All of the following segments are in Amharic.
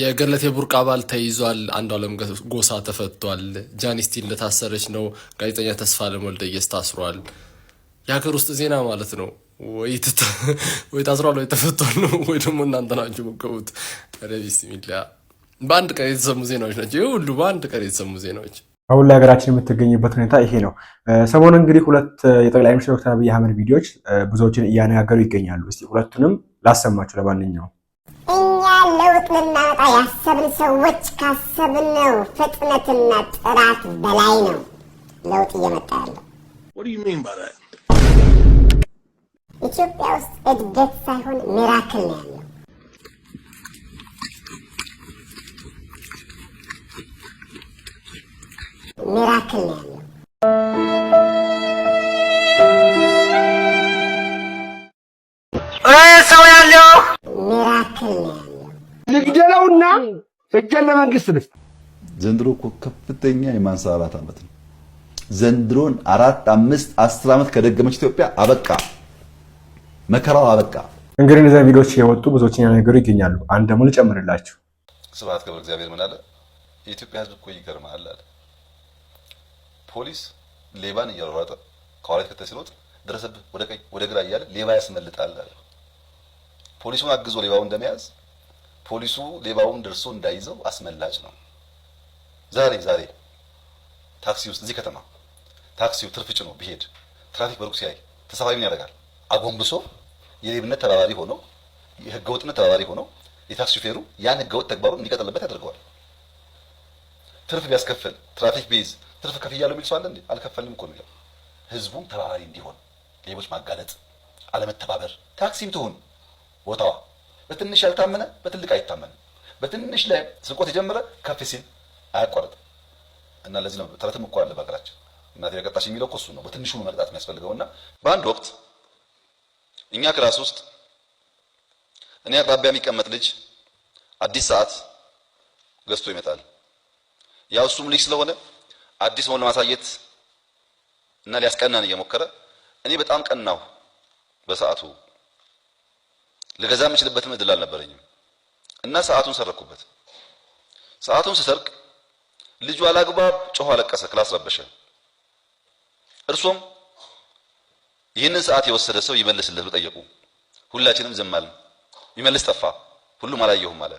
የገለቴ ቡርቃ አባል ተይዟል። አንዱ አለም ጎሳ ተፈቷል። ጃኒስቲ እንደታሰረች ነው። ጋዜጠኛ ተስፋ ለሞልደየስ ታስሯል። የሀገር ውስጥ ዜና ማለት ነው። ወይ ታስሯል ወይ ተፈቷል ነው፣ ወይ ደግሞ እናንተ ናችሁ መገቡት። ቢስሚላህ በአንድ ቀን የተሰሙ ዜናዎች ናቸው። ይህ ሁሉ በአንድ ቀን የተሰሙ ዜናዎች። አሁን ላይ ሀገራችን የምትገኝበት ሁኔታ ይሄ ነው። ሰሞኑ እንግዲህ ሁለት የጠቅላይ ሚኒስትር ዶክተር አብይ አህመድ ቪዲዮዎች ብዙዎችን እያነጋገሩ ይገኛሉ። እስኪ ሁለቱንም ላሰማችሁ ለማንኛውም ለውጥ ልናመጣ ያሰብን ሰዎች ካሰብነው ፍጥነትና ጥራት በላይ ነው ለውጥ እየመጣ ያለው። ኢትዮጵያ ውስጥ እድገት ሳይሆን ሚራክል ነው ያለው። ሚራክል ነው ያለው። ሰው ያለው ሚራክል ነው ልግደለውና እጄን ለመንግስት ልስጥ። ዘንድሮ እኮ ከፍተኛ የማንሰራራት ዓመት ነው። ዘንድሮን አራት አምስት አስር ዓመት ከደገመች ኢትዮጵያ አበቃ፣ መከራው አበቃ። እንግዲህ እነዚያ ቪዲዮዎች የወጡ ብዙዎችን ያነገሩ ይገኛሉ። አንድ ደግሞ ልጨምርላችሁ። ስብሐት ገብረ እግዚአብሔር ምን አለ? የኢትዮጵያ ህዝብ እኮ ይገርማል አለ። ፖሊስ ሌባን እያሯሯጠ ከኋላ ከተሲሎት ድረሰብህ ወደ ቀኝ ወደ ግራ እያለ ሌባ ያስመልጣል አለ። ፖሊሱን አግዞ ሌባውን እንደመያዝ ፖሊሱ ሌባውን ደርሶ እንዳይዘው አስመላጭ ነው። ዛሬ ዛሬ ታክሲ ውስጥ እዚህ ከተማ ታክሲው ትርፍ ጭኖ ቢሄድ ትራፊክ በሩቅ ሲያይ ተሳፋሪ ምን ያደርጋል? አጎንብሶ የሌብነት ተባባሪ ሆኖ የህገወጥነት ተባባሪ ሆኖ የታክሲ ሹፌሩ ያን ህገወጥ ተግባሩን እንዲቀጥልበት ያደርገዋል። ትርፍ ቢያስከፍል ትራፊክ ቢይዝ ትርፍ ከፍያለሁ የሚል ሰው አለ አልከፈልም እኮ የሚለው ህዝቡም ተባባሪ እንዲሆን ሌቦች ማጋለጥ አለመተባበር ታክሲም ትሁን ቦታዋ በትንሽ ያልታመነ በትልቅ አይታመንም። በትንሽ ላይ ስርቆት የጀመረ ከፍ ሲል አያቋርጥም እና ለዚህ ነው ተረትም እኮ አለ በሀገራችን እናቴ ቀጣች የሚለው እኮ እሱ ነው። በትንሹ መቅጣት የሚያስፈልገው እና በአንድ ወቅት እኛ ክላስ ውስጥ እኔ አቅራቢያ የሚቀመጥ ልጅ አዲስ ሰዓት ገዝቶ ይመጣል። ያው እሱም ልጅ ስለሆነ አዲስ መሆን ለማሳየት እና ሊያስቀናን እየሞከረ እኔ በጣም ቀናሁ በሰዓቱ ልገዛ የምችልበትም እድል አልነበረኝም እና ሰዓቱን ሰረኩበት። ሰዓቱን ስሰርቅ ልጁ አላግባብ ጮኸ፣ አለቀሰ፣ ክላስ ረበሸ። እርሶም ይህንን ሰዓት የወሰደ ሰው ይመልስለት ጠየቁ። ሁላችንም ዝም አልን። ይመልስ ጠፋ። ሁሉም አላየሁም አለ።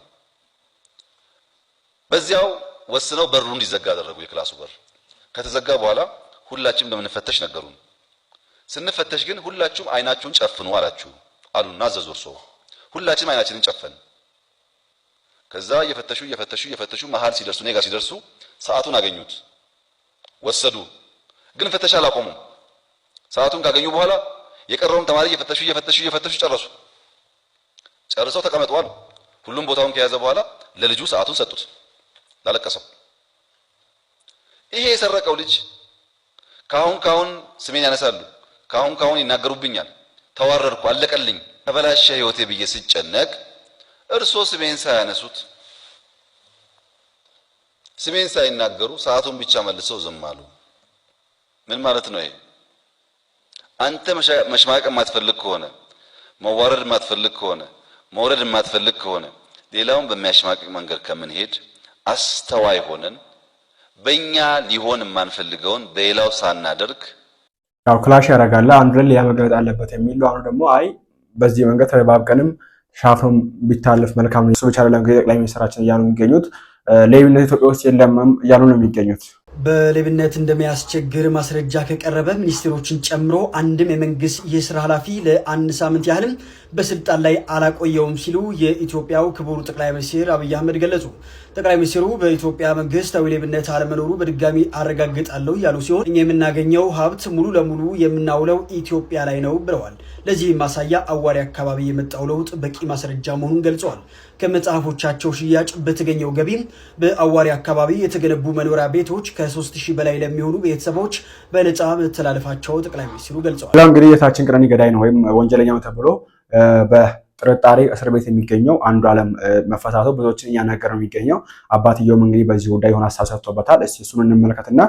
በዚያው ወስነው በሩ እንዲዘጋ አደረጉ። የክላሱ በር ከተዘጋ በኋላ ሁላችንም እንደምንፈተሽ ነገሩን። ስንፈተሽ ግን ሁላችሁም አይናችሁን ጨፍኑ አላችሁ። አሉና አዘዙ። እርሶ ሁላችንም አይናችንን ጨፈን። ከዛ እየፈተሹ እየፈተሹ እየፈተሹ መሀል ሲደርሱ እኔ ጋር ሲደርሱ ሰዓቱን አገኙት፣ ወሰዱ። ግን ፍተሻ አላቆሙም። ሰዓቱን ካገኙ በኋላ የቀረውን ተማሪ እየፈተሹ እየፈተሹ እየፈተሹ ጨረሱ። ጨርሰው ተቀመጠዋል። ሁሉም ቦታውን ከያዘ በኋላ ለልጁ ሰዓቱን ሰጡት፣ ላለቀሰው። ይሄ የሰረቀው ልጅ ካሁን ካሁን ስሜን ያነሳሉ፣ ካሁን ካሁን ይናገሩብኛል ተዋረድኩ፣ አለቀልኝ፣ ተበላሸ ህይወቴ ብዬ ስጨነቅ እርሶ ስሜን ሳያነሱት ስሜን ሳይናገሩ ሰዓቱን ብቻ መልሰው ዝም አሉ። ምን ማለት ነው ይሄ? አንተ መሽማቅ የማትፈልግ ከሆነ መዋረድ የማትፈልግ ከሆነ መውረድ የማትፈልግ ከሆነ ሌላውን በሚያሽማቅቅ መንገድ ከምንሄድ አስተዋይ ሆነን በእኛ ሊሆን የማንፈልገውን በሌላው ሳናደርግ ያው ክላሽ ያደርጋል። አንዱ ላይ ሌላ መገለጥ አለበት የሚል አሁኑ ደግሞ አይ በዚህ መንገድ ቀንም ሻፍሮም ቢታለፍ መልካም ነው። እሱ ብቻ አይደለም ጠቅላይ ሚኒስትራችን እያሉ የሚገኙት ሌብነት ኢትዮጵያ ውስጥ የለም እያሉ ነው የሚገኙት። በሌብነት እንደሚያስቸግር ማስረጃ ከቀረበ ሚኒስትሮችን ጨምሮ አንድም የመንግስት የስራ ኃላፊ ለአንድ ሳምንት ያህልም በስልጣን ላይ አላቆየውም ሲሉ የኢትዮጵያው ክቡር ጠቅላይ ሚኒስትር አብይ አህመድ ገለጹ። ጠቅላይ ሚኒስትሩ በኢትዮጵያ መንግስታዊ ሌብነት አለመኖሩ በድጋሚ አረጋግጣለሁ ያሉ ሲሆን እኛ የምናገኘው ሀብት ሙሉ ለሙሉ የምናውለው ኢትዮጵያ ላይ ነው ብለዋል። ለዚህ ማሳያ አዋሪ አካባቢ የመጣው ለውጥ በቂ ማስረጃ መሆኑን ገልጸዋል። ከመጽሐፎቻቸው ሽያጭ በተገኘው ገቢም በአዋሪ አካባቢ የተገነቡ መኖሪያ ቤቶች ከ3000 በላይ ለሚሆኑ ቤተሰቦች በነጻ መተላለፋቸው ጠቅላይ ሚኒስትሩ ገልጸዋል። እንግዲህ የታችን ቅረኒ ገዳይ ነው ወይም ወንጀለኛ ተብሎ ጥርጣሬ እስር ቤት የሚገኘው አንዱ ዓለም መፈታቱ ብዙዎችን እያናገረ ነው የሚገኘው። አባትየውም እንግዲህ በዚህ ጉዳይ የሆነ ሀሳብ ሰጥቶበታል። እስኪ እሱን እንመለከትና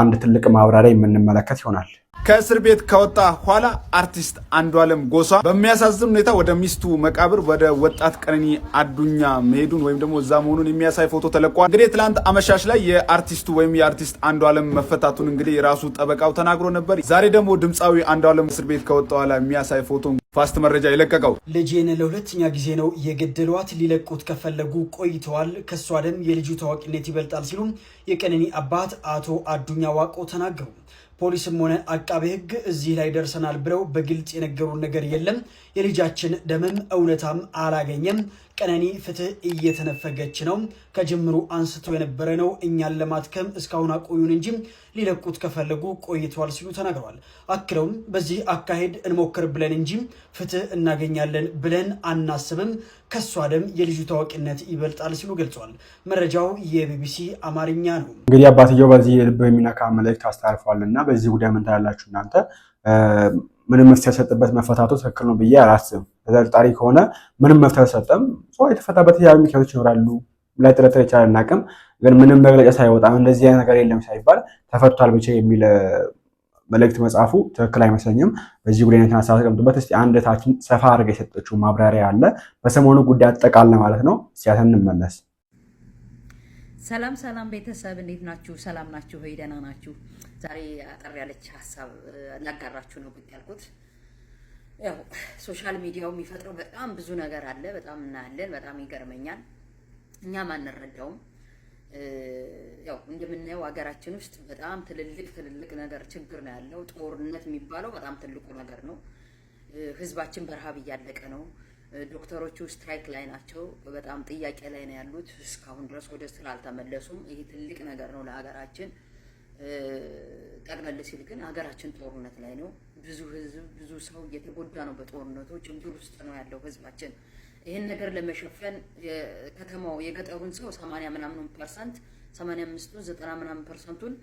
አንድ ትልቅ ማብራሪያ የምንመለከት ይሆናል። ከእስር ቤት ከወጣ ኋላ አርቲስት አንዱ ዓለም ጎሳ በሚያሳዝን ሁኔታ ወደ ሚስቱ መቃብር ወደ ወጣት ቀነኒ አዱኛ መሄዱን ወይም ደግሞ እዛ መሆኑን የሚያሳይ ፎቶ ተለቋል። እንግዲህ ትላንት አመሻሽ ላይ የአርቲስቱ ወይም የአርቲስት አንዱ ዓለም መፈታቱን እንግዲህ የራሱ ጠበቃው ተናግሮ ነበር። ዛሬ ደግሞ ድምፃዊ አንዱ ዓለም እስር ቤት ከወጣ ኋላ የሚያሳይ ፎቶ ፋስት መረጃ የለቀቀው። ልጄን ለሁለተኛ ጊዜ ነው የገደሏት። ሊለቁት ከፈለጉ ቆይተዋል። ከእሷ ደም የልጁ ታዋቂነት ይበልጣል ሲሉ የቀነኒ አባት አቶ አዱኛ ዋቆ ተናገሩ። ፖሊስም ሆነ አቃቤ ሕግ እዚህ ላይ ደርሰናል ብለው በግልጽ የነገሩን ነገር የለም። የልጃችን ደምም እውነታም አላገኘም ቀነኒ ፍትህ እየተነፈገች ነው። ከጅምሩ አንስቶ የነበረ ነው። እኛን ለማትከም እስካሁን አቆዩን እንጂ ሊለቁት ከፈለጉ ቆይተዋል ሲሉ ተናግረዋል። አክለውም በዚህ አካሄድ እንሞክር ብለን እንጂ ፍትህ እናገኛለን ብለን አናስብም፣ ከሷ ደም የልጁ ታዋቂነት ይበልጣል ሲሉ ገልጿል። መረጃው የቢቢሲ አማርኛ ነው። እንግዲህ አባትየው በዚህ ልብ የሚነካ መልእክት አስተላልፈዋል እና በዚህ ጉዳይ ምን እናንተ? ምንም መፍትሄ ያልሰጥበት መፈታቱ ትክክል ነው ብዬ አላስብም። ተጠርጣሪ ከሆነ ምንም መፍትሄ አልሰጠም። የተፈታበት ያ ምክንያቶች ይኖራሉ ላይ ጥርጥር ይቻላል እናቅም ግን ምንም መግለጫ ሳይወጣ እንደዚህ አይነት ነገር የለም ሳይባል ተፈቷል ብቻ የሚል መልእክት መጽሐፉ ትክክል አይመስለኝም። በዚህ ጉዳይ ነትና ተቀምጡበት። እስቲ አንድ ታችን ሰፋ አድርገ የሰጠችው ማብራሪያ አለ በሰሞኑ ጉዳይ አጠቃለ ማለት ነው። ሲያተን እንመለስ። ሰላም ሰላም ቤተሰብ እንዴት ናችሁ? ሰላም ናችሁ ወይ? ደህና ናችሁ? ዛሬ አጠር ያለች ሀሳብ ላጋራችሁ ነው ያልኩት ያው ሶሻል ሚዲያው የሚፈጥረው በጣም ብዙ ነገር አለ። በጣም እናያለን፣ በጣም ይገርመኛል። እኛም አንረዳውም። ያው እንደምናየው ሀገራችን ውስጥ በጣም ትልልቅ ትልልቅ ነገር ችግር ነው ያለው። ጦርነት የሚባለው በጣም ትልቁ ነገር ነው። ህዝባችን በረሃብ እያለቀ ነው። ዶክተሮቹ ስትራይክ ላይ ናቸው። በጣም ጥያቄ ላይ ነው ያሉት። እስካሁን ድረስ ወደ ስራ አልተመለሱም። ይሄ ትልቅ ነገር ነው ለሀገራችን። ጠቅለል ሲል ግን ሀገራችን ጦርነት ላይ ነው። ብዙ ህዝብ ብዙ ሰው እየተጎዳ ነው። በጦርነቱ ችግር ውስጥ ነው ያለው ህዝባችን። ይህን ነገር ለመሸፈን ከተማው የገጠሩን ሰው ሰማንያ ምናምን ፐርሰንት ሰማንያ አምስቱን ዘጠና ምናምን ፐርሰንቱን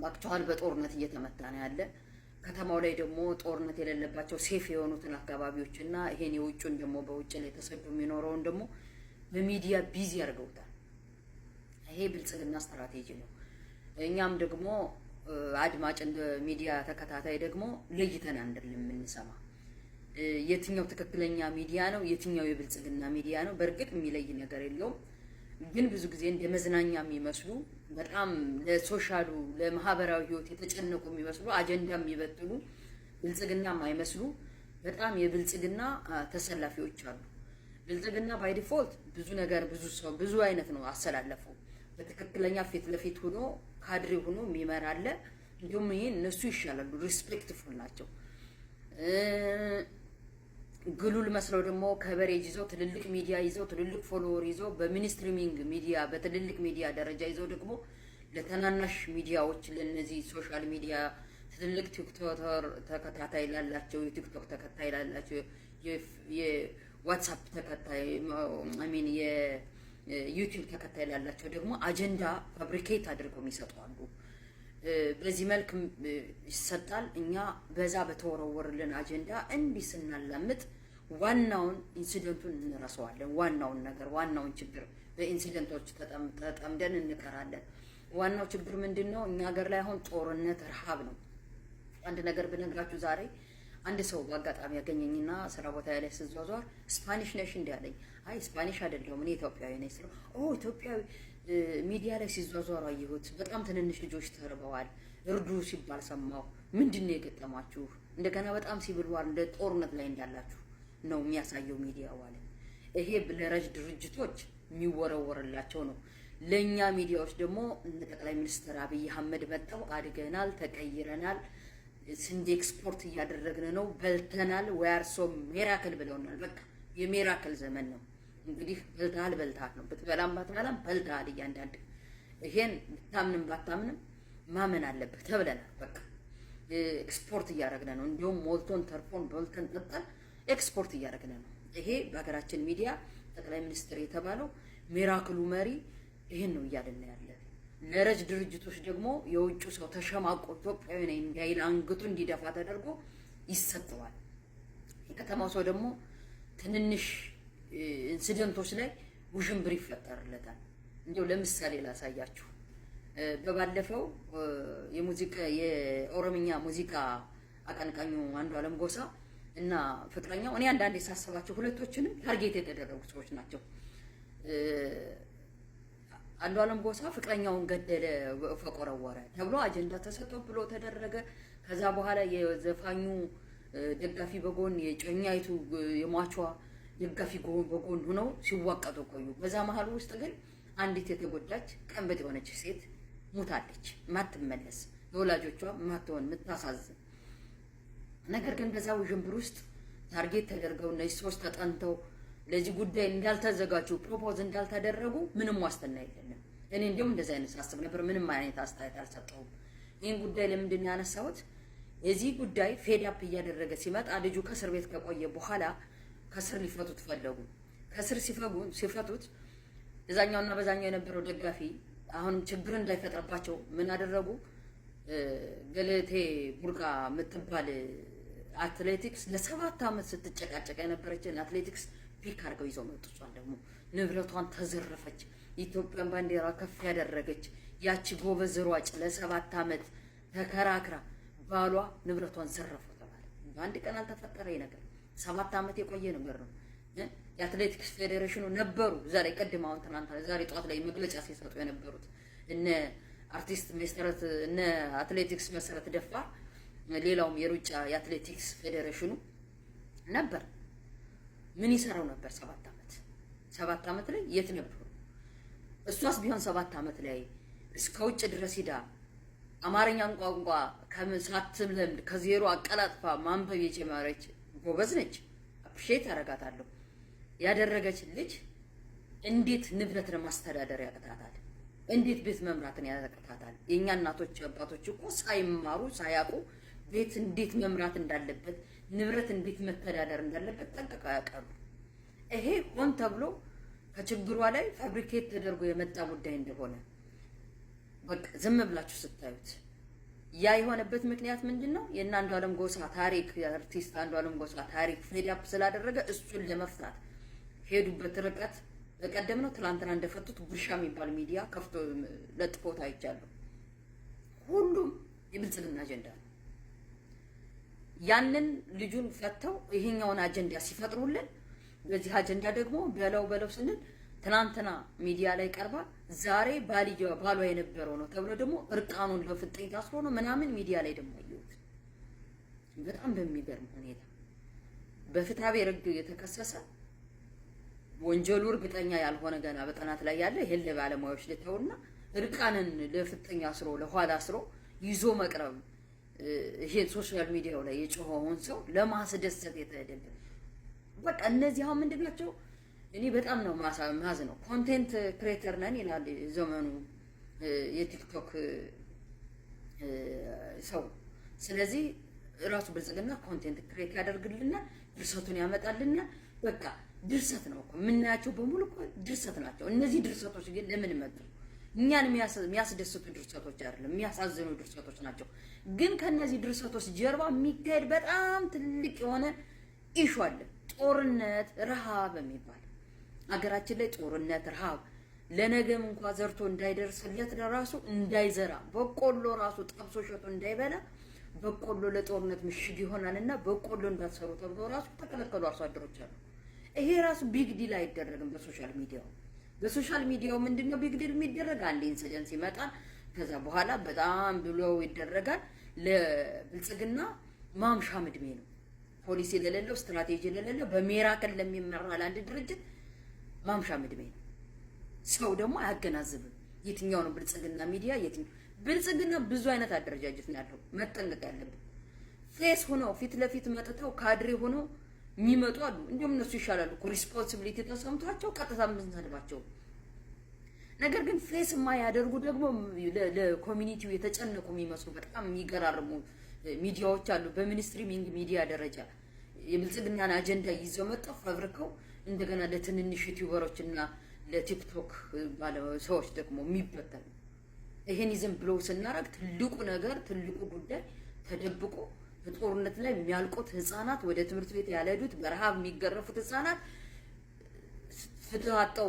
በአክቹዋል በጦርነት እየተመታ ነው ያለ። ከተማው ላይ ደግሞ ጦርነት የሌለባቸው ሴፍ የሆኑትን አካባቢዎች እና ይሄን የውጭን ደግሞ በውጭ ላይ ተሰዱ የሚኖረውን ደግሞ በሚዲያ ቢዚ አድርገውታል። ይሄ ብልጽግና ስትራቴጂ ነው። እኛም ደግሞ አድማጭ እንደ ሚዲያ ተከታታይ ደግሞ ለይተን አይደለም የምንሰማ የትኛው ትክክለኛ ሚዲያ ነው፣ የትኛው የብልጽግና ሚዲያ ነው። በእርግጥ የሚለይ ነገር የለውም። ግን ብዙ ጊዜ እንደ መዝናኛ የሚመስሉ በጣም ለሶሻሉ ለማህበራዊ ህይወት የተጨነቁ የሚመስሉ አጀንዳ የሚበጥሉ ብልጽግና የማይመስሉ በጣም የብልጽግና ተሰላፊዎች አሉ። ብልጽግና ባይ ዲፎልት ብዙ ነገር ብዙ ሰው ብዙ አይነት ነው አሰላለፈው በትክክለኛ ፊት ለፊት ሆኖ ካድሬ ሆኖ የሚመራ አለ። እንዲሁም ይሄ እነሱ ይሻላሉ፣ ሪስፔክትፉል ናቸው። ግሉል መስለው ደግሞ ከበሬጅ ይዘው ትልልቅ ሚዲያ ይዘው ትልልቅ ፎሎወር ይዘው በሚኒስትሪሚንግ ሚዲያ በትልልቅ ሚዲያ ደረጃ ይዘው ደግሞ ለተናናሽ ሚዲያዎች ለነዚህ ሶሻል ሚዲያ ትልልቅ ቲክቶከር ተከታታይ ላላቸው የቲክቶክ ተከታይ ላላቸው የዋትሳፕ ተከታይ ሚን ዩቲዩብ ተከታይ ላላቸው ደግሞ አጀንዳ ፋብሪኬት አድርገው የሚሰጡ አሉ። በዚህ መልክ ይሰጣል። እኛ በዛ በተወረወርልን አጀንዳ እንዲህ ስናላምጥ ዋናውን ኢንሲደንቱን እንረሰዋለን። ዋናውን ነገር ዋናውን ችግር በኢንሲደንቶች ተጠምደን እንቀራለን። ዋናው ችግር ምንድን ነው? እኛ ሀገር ላይ አሁን ጦርነት፣ ረሃብ ነው። አንድ ነገር ብነግራችሁ ዛሬ አንድ ሰው በአጋጣሚ ያገኘኝና ስራ ቦታ ላይ ስዟዟር ስፓኒሽ ነሽ እንዲያለኝ አይ ስፓኒሽ አይደለሁም እኔ ኢትዮጵያዊ ነኝ ስለው፣ ኦ ኢትዮጵያዊ ሚዲያ ላይ ሲዟዟሩ አየሁት። በጣም ትንንሽ ልጆች ተርበዋል፣ እርዱ ሲባል ሰማሁ። ምንድን ነው የገጠማችሁ? እንደገና በጣም ሲቪል ዋር እንደ ጦርነት ላይ እንዳላችሁ ነው የሚያሳየው ሚዲያው አለ። ይሄ ለረጅ ድርጅቶች የሚወረወርላቸው ነው። ለእኛ ሚዲያዎች ደግሞ እንደ ጠቅላይ ሚኒስትር አብይ አህመድ መጠው አድገናል፣ ተቀይረናል፣ ስንዴ ኤክስፖርት እያደረግን ነው፣ በልተናል፣ ወያርሶ ሜራክል ብለውናል። በቃ የሜራክል ዘመን ነው። እንግዲህ በልተሃል በልተሃል ነው። ብትበላም ባትበላም በልተሃል። እያንዳንድ ይሄን ብታምንም ባታምንም ማመን አለብህ ተብለናል። በቃ ኤክስፖርት እያደረግን ነው። እንዲሁም ሞልቶን ተርፎን በልተን ጠጣን ኤክስፖርት እያደረግን ነው። ይሄ በሀገራችን ሚዲያ ጠቅላይ ሚኒስትር የተባለው ሚራክሉ መሪ ይህን ነው እያልን ያለ። ለረጅ ድርጅቶች ደግሞ የውጭ ሰው ተሸማቆ ኢትዮጵያዊ ነኝ እንዳይል አንገቱ እንዲደፋ ተደርጎ ይሰጠዋል። የከተማው ሰው ደግሞ ትንንሽ ኢንሲደንቶች ላይ ውዥንብር ይፈጠርለታል። እንዲያው ለምሳሌ ላሳያችሁ። በባለፈው የሙዚቃ የኦሮምኛ ሙዚቃ አቀንቃኙ አንዱ አለም ጎሳ እና ፍቅረኛው እኔ አንዳንዴ የሳሰባቸው ሁለቶችንም ታርጌት የተደረጉ ሰዎች ናቸው። አንዱ አለም ጎሳ ፍቅረኛውን ገደለ ፈቆረወረ ተብሎ አጀንዳ ተሰጥቶ ብሎ ተደረገ። ከዛ በኋላ የዘፋኙ ደጋፊ በጎን የጨኛይቱ የሟቿ ደጋፊ በጎን ሆነው ሲዋቀጡ ቆዩ። በዛ መሀል ውስጥ ግን አንዲት የተጎዳች ቀንበት የሆነች ሴት ሙታለች። ማትመለስ ለወላጆቿ ማትሆን ምታሳዝን ነገር ግን በዛ ውዥንብር ውስጥ ታርጌት ተደርገው እነዚህ ሶስት ተጠንተው ለዚህ ጉዳይ እንዳልተዘጋጁ ፕሮፖዝ እንዳልተደረጉ ምንም ዋስትና የለንም። እኔ እንዲሁም እንደዚህ አይነት ሳስብ ነበር። ምንም አይነት አስተያየት አልሰጠውም። ይህን ጉዳይ ለምንድን ያነሳሁት የዚህ ጉዳይ ፌድ አፕ እያደረገ ሲመጣ ልጁ ከእስር ቤት ከቆየ በኋላ ከስር ሊፈቱት ፈለጉ። ከስር ሲፈጉ ሲፈቱት እዛኛውና በዛኛው የነበረው ደጋፊ አሁንም ችግር እንዳይፈጥርባቸው ምን አደረጉ? ገለቴ ቡርቃ የምትባል አትሌቲክስ ለሰባት ዓመት ስትጨቃጨቅ የነበረችን አትሌቲክስ ፒክ አድርገው ይዘው መጡ። እሷን ደግሞ ንብረቷን ተዘረፈች። ኢትዮጵያን ባንዲራ ከፍ ያደረገች ያቺ ጎበዝ ሯጭ ለሰባት ዓመት ተከራክራ ባሏ ንብረቷን ዘረፈው ተባለ። በአንድ ቀን አልተፈጠረ ነገር ሰባት ዓመት የቆየ ነገር ነው። የአትሌቲክስ ፌዴሬሽኑ ነበሩ ዛሬ ቀድም አሁን ትናንት ዛሬ ጠዋት ላይ መግለጫ ሲሰጡ የነበሩት እነ አርቲስት መሰረት እነ አትሌቲክስ መሰረት ደፋር፣ ሌላውም የሩጫ የአትሌቲክስ ፌዴሬሽኑ ነበር። ምን ይሰራው ነበር? ሰባት ዓመት ሰባት ዓመት ላይ የት ነበሩ? እሷስ ቢሆን ሰባት ዓመት ላይ እስከ ውጭ ድረስ ሂዳ አማርኛን ቋንቋ ሳትለምድ ከዜሮ አቀላጥፋ ማንበብ የጀመረች ጎበዝ ነች፣ አፕሪሼት አረጋታለሁ። ያደረገች ልጅ እንዴት ንብረትን ማስተዳደር ያቅታታል? እንዴት ቤት መምራትን ያቅታታል? የእኛ እናቶች አባቶች እኮ ሳይማሩ ሳያውቁ ቤት እንዴት መምራት እንዳለበት ንብረት እንዴት መተዳደር እንዳለበት ጠንቅቀው ያቀሩ። ይሄ ሆን ተብሎ ከችግሯ ላይ ፋብሪኬት ተደርጎ የመጣ ጉዳይ እንደሆነ በቃ ዝም ብላችሁ ስታዩት ያ የሆነበት ምክንያት ምንድን ነው? የእነ አንዱ አለም ጎሳ ታሪክ የአርቲስት አንዱ አለም ጎሳ ታሪክ ፌዳፕ ስላደረገ እሱን ለመፍታት ሄዱበት ርቀት በቀደም ነው ትላንትና እንደፈቱት ጉርሻ የሚባል ሚዲያ ከፍቶ ለጥፎት አይቻለሁ። ሁሉም የብልጽግና አጀንዳ ነው። ያንን ልጁን ፈተው ይሄኛውን አጀንዳ ሲፈጥሩልን በዚህ አጀንዳ ደግሞ በለው በለው ስንል ትናንትና ሚዲያ ላይ ቀርባ ዛሬ ባልያ ባሏ የነበረው ነው ተብሎ ደግሞ እርቃኑን ለፍጥኝ ታስሮ ነው ምናምን ሚዲያ ላይ ደግሞ አየሁት። በጣም በሚገርም ሁኔታ በፍትሐብሔር ሕግ የተከሰሰ ወንጀሉ እርግጠኛ ያልሆነ ገና በጥናት ላይ ያለ ይህን ለባለሙያዎች ልተውና እርቃንን ለፍጥኝ አስሮ ለኋላ አስሮ ይዞ መቅረብ ይሄ ሶሻል ሚዲያው ላይ የጮኸውን ሰው ለማስደሰት የተደረገ በቃ እነዚህ አሁን ምንድን ናቸው? እኔ በጣም ነው ማዝ ነው። ኮንቴንት ክሬተር ነን ይላል ዘመኑ የቲክቶክ ሰው። ስለዚህ ራሱ ብልጽግና ኮንቴንት ክሬት ያደርግልናል፣ ድርሰቱን ያመጣልናል። በቃ ድርሰት ነው እኮ የምናያቸው በሙሉ እኮ ድርሰት ናቸው። እነዚህ ድርሰቶች ግን ለምን መጡ? እኛን የሚያስደስቱ ድርሰቶች አይደለም፣ የሚያሳዝኑ ድርሰቶች ናቸው። ግን ከነዚህ ድርሰቶች ጀርባ የሚካሄድ በጣም ትልቅ የሆነ ኢሹ አለ። ጦርነት፣ ረሃብ የሚባል አገራችን ላይ ጦርነት፣ ረሃብ ለነገም እንኳ ዘርቶ እንዳይደርስለት ለራሱ እንዳይዘራ በቆሎ ራሱ ጠብሶ ሸቶ እንዳይበላ በቆሎ ለጦርነት ምሽግ ይሆናል እና በቆሎ እንዳትሰሩ ተብሎ ራሱ የተከለከሉ አርሶ አደሮች አሉ። ይሄ ራሱ ቢግ ዲል አይደረግም። በሶሻል ሚዲያው በሶሻል ሚዲያው ምንድን ነው ቢግ ዲል የሚደረግ? አንድ ኢንሲደንስ ይመጣል። ከዛ በኋላ በጣም ብሎ ይደረጋል። ለብልጽግና ማምሻ ምድሜ ነው። ፖሊሲ ለሌለው ስትራቴጂ ለሌለው በሜራክል ለሚመራ ለአንድ ድርጅት ማምሻም እድሜ ነው። ሰው ደግሞ አያገናዝብም። የትኛው ነው ብልጽግና ሚዲያ? የትኛው ብልጽግና? ብዙ አይነት አደረጃጀት ነው ያለው። መጠንቀቅ ያለብን ፌስ ሆኖ ፊት ለፊት መጥተው ካድሬ ሆነው የሚመጡ አሉ። እንዲሁም እነሱ ይሻላሉ እኮ ሪስፖንሲቢሊቲ ተሰምቷቸው ቀጥታ የምንሰድባቸው። ነገር ግን ፌስ የማያደርጉ ደግሞ ለኮሚኒቲው የተጨነቁ የሚመስሉ በጣም የሚገራርሙ ሚዲያዎች አሉ። በሚኒስትሪ ሚዲያ ደረጃ የብልጽግናን አጀንዳ ይዘው መጣው ፈብርከው እንደገና ለትንንሽ ዩቲዩበሮች እና ለቲክቶክ ሰዎች ደግሞ የሚበተን ይሄን ይዘን ብለው ስናደርግ ትልቁ ነገር ትልቁ ጉዳይ ተደብቆ በጦርነት ላይ የሚያልቁት ህፃናት፣ ወደ ትምህርት ቤት ያልሄዱት፣ በረሃብ የሚገረፉት ህፃናት፣ ፍትህ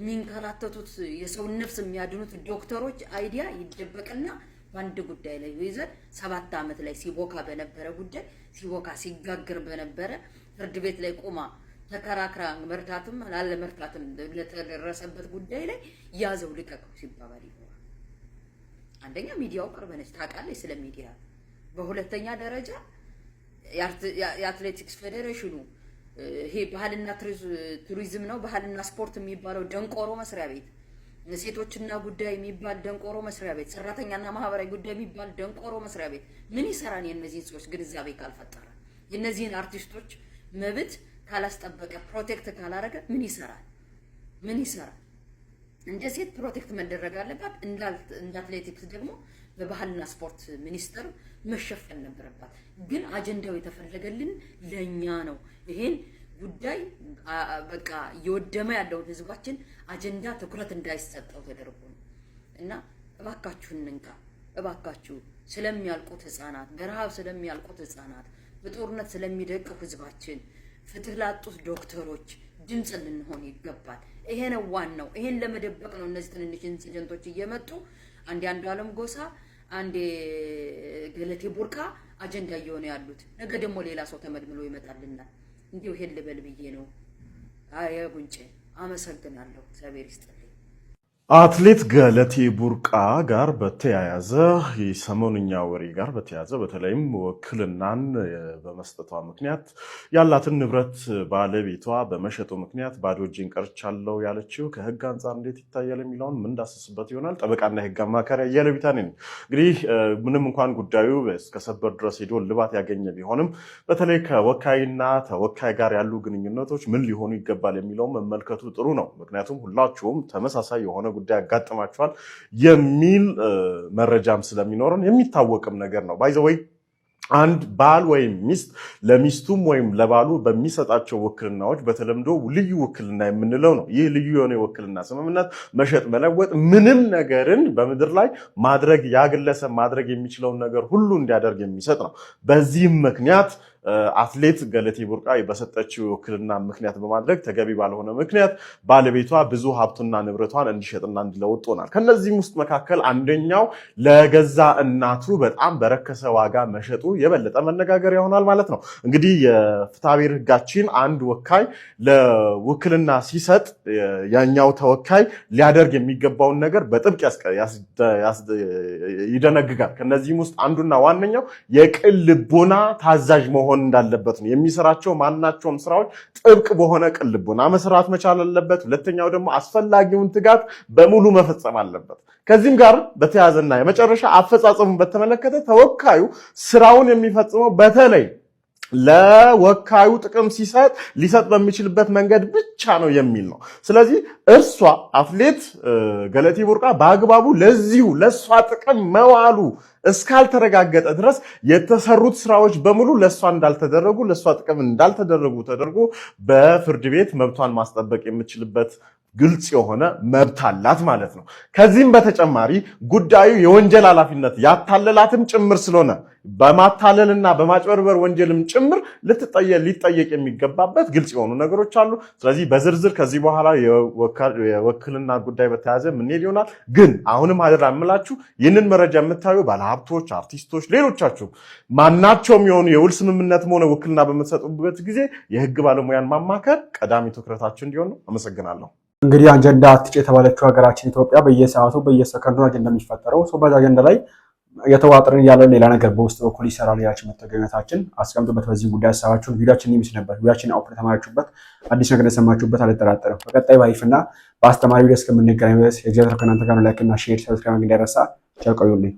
የሚንከራተቱት፣ የሰውን ነፍስ የሚያድኑት ዶክተሮች አይዲያ ይደበቅና በአንድ ጉዳይ ላይ ይዘን ሰባት ዓመት ላይ ሲቦካ በነበረ ጉዳይ ሲቦካ ሲጋግር በነበረ ፍርድ ቤት ላይ ቁማ ተከራክራ መርታትም ላለመርታትም ለተደረሰበት ጉዳይ ላይ ያዘው ልቀቀው ሲባባል ይኖራል። አንደኛ ሚዲያው ቅርበነች ታውቃለች ስለ ሚዲያ። በሁለተኛ ደረጃ የአትሌቲክስ ፌዴሬሽኑ ይሄ ባህልና ቱሪዝም ነው ባህልና ስፖርት የሚባለው ደንቆሮ መስሪያ ቤት፣ ሴቶችና ጉዳይ የሚባል ደንቆሮ መስሪያ ቤት፣ ሰራተኛና ማህበራዊ ጉዳይ የሚባል ደንቆሮ መስሪያ ቤት ምን ይሰራን? የእነዚህን ሰዎች ግንዛቤ ካልፈጠረ የእነዚህን አርቲስቶች መብት ካላስጠበቀ ፕሮቴክት ካላረገ ምን ይሰራል? ምን ይሰራል? እንደ ሴት ፕሮቴክት መደረግ አለባት። እንደ አትሌቲክስ ደግሞ በባህልና ስፖርት ሚኒስቴር መሸፈን ነበረባት። ግን አጀንዳው የተፈለገልን ለእኛ ነው። ይሄን ጉዳይ በቃ እየወደመ ያለውን ህዝባችን አጀንዳ ትኩረት እንዳይሰጠው ተደርጎ ነው እና እባካችሁ እንንካ፣ እባካችሁ ስለሚያልቁት ህጻናት፣ በረሃብ ስለሚያልቁት ህጻናት፣ በጦርነት ስለሚደቅፍ ህዝባችን ፍትህ ላጡት ዶክተሮች ድምፅ ልንሆን ይገባል። ይሄ ነው ዋናው። ይሄን ለመደበቅ ነው እነዚህ ትንንሽ ኢንሲደንቶች እየመጡ አንዴ አንዱ አለም ጎሳ፣ አንዴ ገለቴ ቡርቃ አጀንዳ እየሆነ ያሉት። ነገ ደግሞ ሌላ ሰው ተመልምሎ ይመጣልናል። እንዲሁ ይሄን ልበል ብዬ ነው። አያ ጉንጭ አመሰግናለሁ። እግዚአብሔር ይስጥ። አትሌት ገለቴ ቡርቃ ጋር በተያያዘ የሰሞንኛ ወሬ ጋር በተያያዘ በተለይም ውክልናን በመስጠቷ ምክንያት ያላትን ንብረት ባለቤቷ በመሸጡ ምክንያት ባዶ እጄን ቀርቻለሁ ያለችው ከሕግ አንጻር እንዴት ይታያል የሚለውን ምንዳስስበት ይሆናል። ጠበቃና የሕግ አማካሪ አያሌው ቢታኔ ነው። እንግዲህ ምንም እንኳን ጉዳዩ እስከ ሰበር ድረስ ሄዶ ልባት ያገኘ ቢሆንም በተለይ ከወካይና ተወካይ ጋር ያሉ ግንኙነቶች ምን ሊሆኑ ይገባል የሚለውን መመልከቱ ጥሩ ነው። ምክንያቱም ሁላችሁም ተመሳሳይ የሆነ ጉዳይ ያጋጥማቸዋል የሚል መረጃም ስለሚኖረን የሚታወቅም ነገር ነው ባይዘወይ አንድ ባል ወይም ሚስት ለሚስቱም ወይም ለባሉ በሚሰጣቸው ውክልናዎች በተለምዶ ልዩ ውክልና የምንለው ነው። ይህ ልዩ የሆነ የውክልና ስምምነት መሸጥ፣ መለወጥ፣ ምንም ነገርን በምድር ላይ ማድረግ ያ ግለሰብ ማድረግ የሚችለውን ነገር ሁሉ እንዲያደርግ የሚሰጥ ነው። በዚህም ምክንያት አትሌት ገለቴ ቡርቃ በሰጠችው ውክልና ምክንያት በማድረግ ተገቢ ባልሆነ ምክንያት ባለቤቷ ብዙ ሀብቱና ንብረቷን እንዲሸጥና እንዲለውጥ ሆናል። ከነዚህም ውስጥ መካከል አንደኛው ለገዛ እናቱ በጣም በረከሰ ዋጋ መሸጡ የበለጠ መነጋገር ይሆናል ማለት ነው። እንግዲህ የፍትሐብሔር ሕጋችን አንድ ወካይ ለውክልና ሲሰጥ ያኛው ተወካይ ሊያደርግ የሚገባውን ነገር በጥብቅ ይደነግጋል። ከነዚህም ውስጥ አንዱና ዋነኛው የቅን ልቦና ታዛዥ መሆን መሆን እንዳለበት ነው። የሚሰራቸው ማናቸውም ስራዎች ጥብቅ በሆነ ቅን ልቦና መስራት መቻል አለበት። ሁለተኛው ደግሞ አስፈላጊውን ትጋት በሙሉ መፈጸም አለበት። ከዚህም ጋር በተያዘና የመጨረሻ አፈጻጸሙን በተመለከተ ተወካዩ ስራውን የሚፈጽመው በተለይ ለወካዩ ጥቅም ሲሰጥ ሊሰጥ በሚችልበት መንገድ ብቻ ነው የሚል ነው። ስለዚህ እርሷ አትሌት ገለቴ ቡርቃ በአግባቡ ለዚሁ ለእሷ ጥቅም መዋሉ እስካልተረጋገጠ ድረስ የተሰሩት ስራዎች በሙሉ ለእሷ እንዳልተደረጉ፣ ለእሷ ጥቅም እንዳልተደረጉ ተደርጎ በፍርድ ቤት መብቷን ማስጠበቅ የምችልበት ግልጽ የሆነ መብት አላት ማለት ነው። ከዚህም በተጨማሪ ጉዳዩ የወንጀል ኃላፊነት ያታለላትም ጭምር ስለሆነ በማታለልና በማጭበርበር ወንጀልም ጭምር ሊጠየቅ የሚገባበት ግልጽ የሆኑ ነገሮች አሉ። ስለዚህ በዝርዝር ከዚህ በኋላ የውክልና ጉዳይ በተያዘ ምንሄድ ይሆናል። ግን አሁንም አደራ የምላችሁ ይህንን መረጃ የምታዩ ባለሀብቶች፣ አርቲስቶች፣ ሌሎቻችሁም ማናቸውም የሆኑ የውል ስምምነትም ሆነ ውክልና በምትሰጡበት ጊዜ የህግ ባለሙያን ማማከር ቀዳሚ ትኩረታችን እንዲሆን ነው። አመሰግናለሁ። እንግዲህ አጀንዳ አትጭ የተባለችው ሀገራችን ኢትዮጵያ በየሰዓቱ በየሰከንዱ አጀንዳ የሚፈጠረው ሰው በዛ አጀንዳ ላይ የተዋጥርን ያለ ሌላ ነገር በውስጥ በኩል ይሰራል። ያችን መተገኘታችን አስቀምጡበት። በዚህ ጉዳይ ሀሳባችሁን ቪዲዮችን ይምስ ነበር ቪዲዮችን አውፕ የተማራችሁበት አዲስ ነገር የሰማችሁበት አልጠራጠርም። በቀጣይ ባይፍ ባሪፍና በአስተማሪ ቪዲዮ እስከምንገናኝ ድረስ የእግዚአብሔር ከእናንተ ጋር ላይክና ሼር ሰብስክራይብ እንዳይረሳ ቸር ቆዩልኝ።